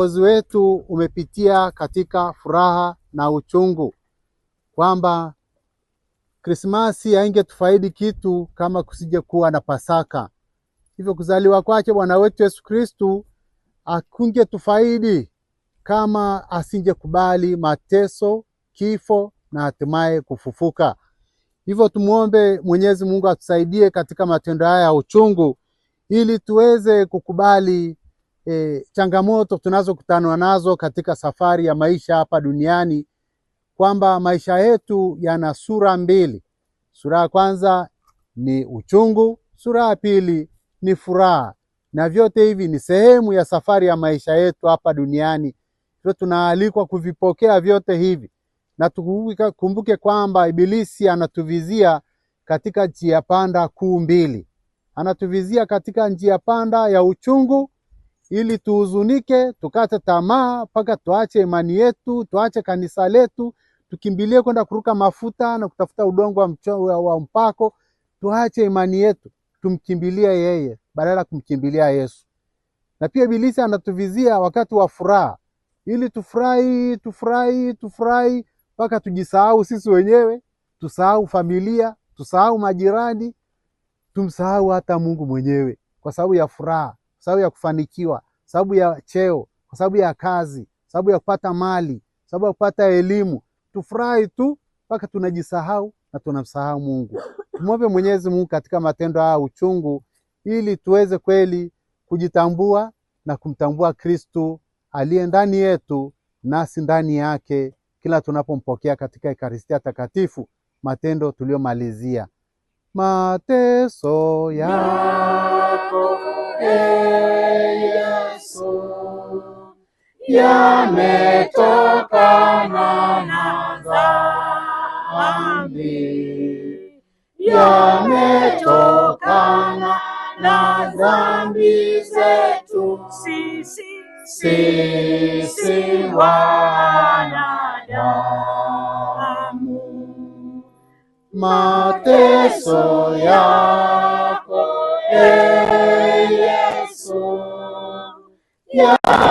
Uongozi wetu umepitia katika furaha na uchungu, kwamba Krismasi haingetufaidi kitu kama kusijekuwa na Pasaka. Hivyo kuzaliwa kwake Bwana wetu Yesu Kristu tufaidi kama asingekubali mateso, kifo na hatimaye kufufuka. Hivyo tumwombe Mwenyezi Mungu atusaidie katika matendo haya ya uchungu, ili tuweze kukubali e, changamoto tunazokutana nazo katika safari ya maisha hapa duniani kwamba maisha yetu yana sura mbili. Sura ya kwanza ni uchungu, sura ya pili ni furaha, na vyote hivi ni sehemu ya safari ya maisha yetu hapa duniani. Hivyo tunaalikwa kuvipokea vyote hivi, na tukumbuke kwamba Ibilisi anatuvizia katika njia panda kuu mbili. Anatuvizia katika njia panda ya uchungu ili tuhuzunike, tukate tamaa, mpaka tuache imani yetu, tuache kanisa letu, tukimbilie kwenda kuruka mafuta na kutafuta udongo wa, mcho, wa mpako. Tuache imani yetu, tumkimbilie yeye badala ya kumkimbilia Yesu. Na pia Ibilisi anatuvizia wakati wa furaha, ili tufurahi, tufurahi, tufurahi mpaka tujisahau sisi wenyewe, tusahau familia, tusahau majirani, tumsahau hata Mungu mwenyewe kwa sababu ya furaha sababu ya kufanikiwa, sababu ya cheo, kwa sababu ya kazi, sababu ya kupata mali, sababu ya kupata elimu. Tufurahi tu mpaka tunajisahau na tunamsahau Mungu. Tumwombe Mwenyezi Mungu katika matendo haya uchungu, ili tuweze kweli kujitambua na kumtambua Kristu aliye ndani yetu nasi ndani yake, kila tunapompokea katika Ekaristia Takatifu. Matendo tuliyomalizia mateso yako Yesu yametokana na dhambi, yametokana na dhambi zetu sisi sisi wanadamu. Mateso yako eh.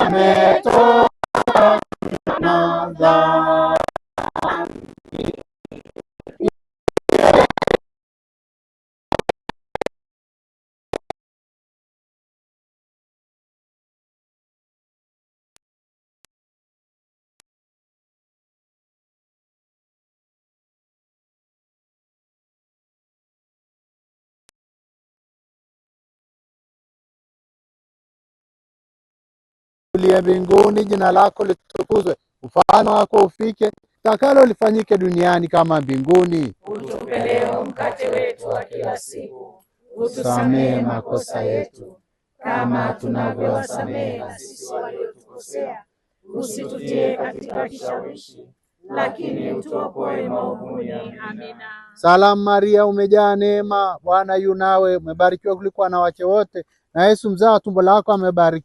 lamento uliye mbinguni, jina lako litukuzwe, ufalme wako ufike, takalo lifanyike duniani kama mbinguni. Utupe leo mkate wetu wa kila siku, utusamehe makosa yetu kama tunavyowasamehe na sisi waliotukosea, usitutie katika kishawishi, lakini utuokoe maovuni. Amina. Salamu Maria, umejaa neema, Bwana yu nawe, umebarikiwa kuliko wanawake wote, na Yesu mzao wa tumbo lako amebarikiwa.